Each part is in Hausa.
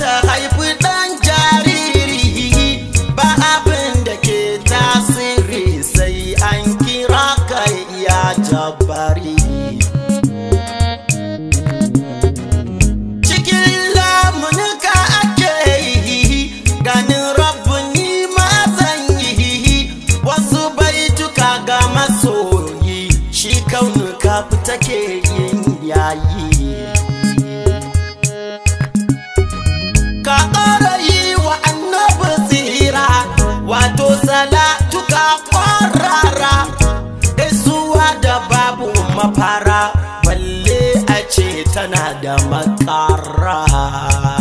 ta haifi ɗan jariri ba abin da ke tasiri sai an kira kai ya jabari cikin lamunuka ake yi ganin rabu ni ma zan yi wasu baituka ga masoyi shi kaunuka fita ke yin yayi Sana ada makara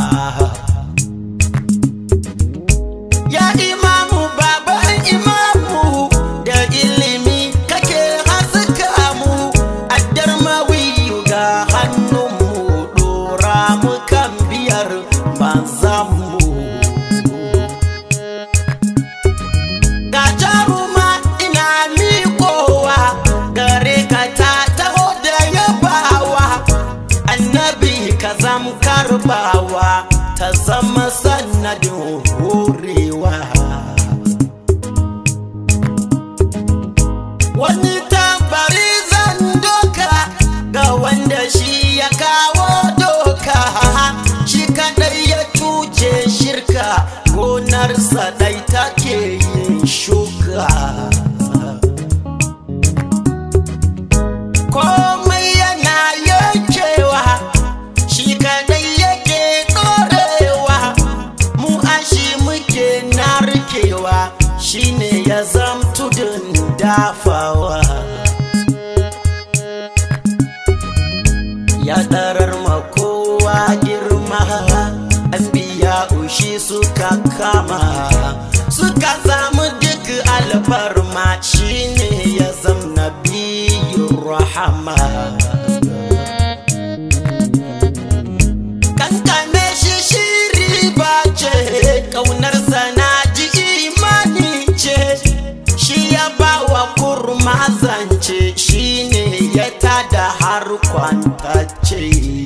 rahama ne ya zam nabiyu rahama kankame shi shiri ba ce kaunar sana ji imani ce shi ya ba wa kurma zance shine ya da har kwantacce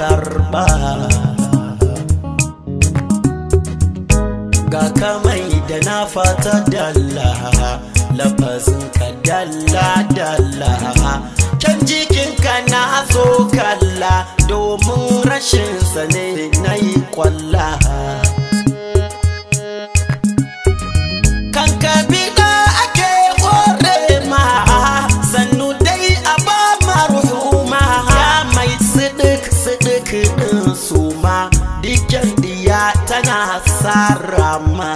karba ga kamai da na fata dalla lafazin ka dalla dalla can jikinka na so kalla domin rashin sa ne na yi kwalla sarama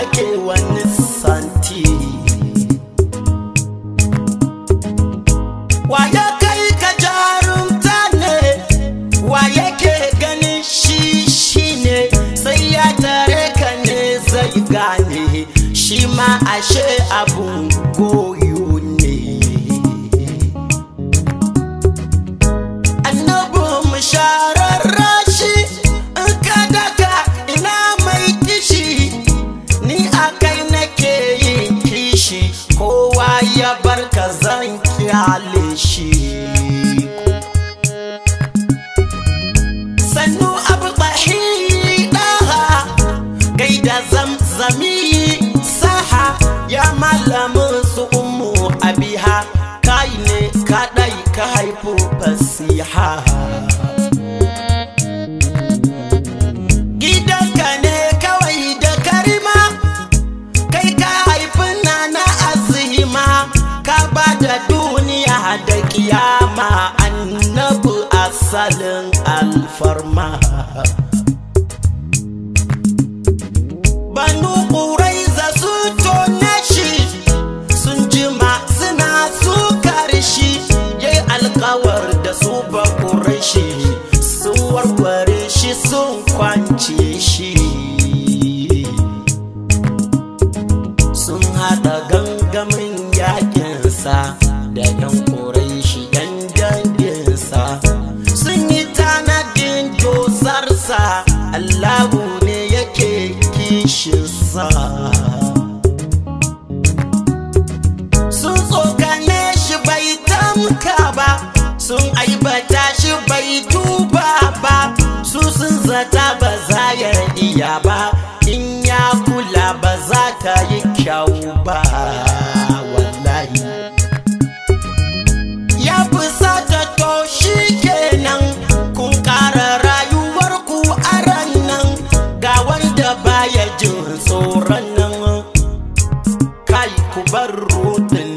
ake wani santi waye kai ka jarumta ne waye ke ganin shi shi ne sai ya tare ka ne zai gane shi ma ashe abun kowa ya bar ka zan kyale shi sannu abu ɗaha gaida zamzami saha ya malamin su umu abiha kai ne kaɗai ka haifu fasiha asalin alfarma tarbiyya ba in ya kula ba za ta yi kyau ba wallahi ya fi sata to shi kenan kun ƙara rayuwarku a ran nan ga wanda baya jin tsoron nan kai ku bar rutin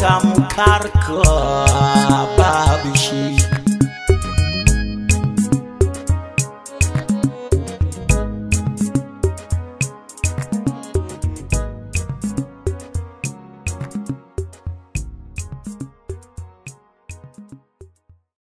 ta mu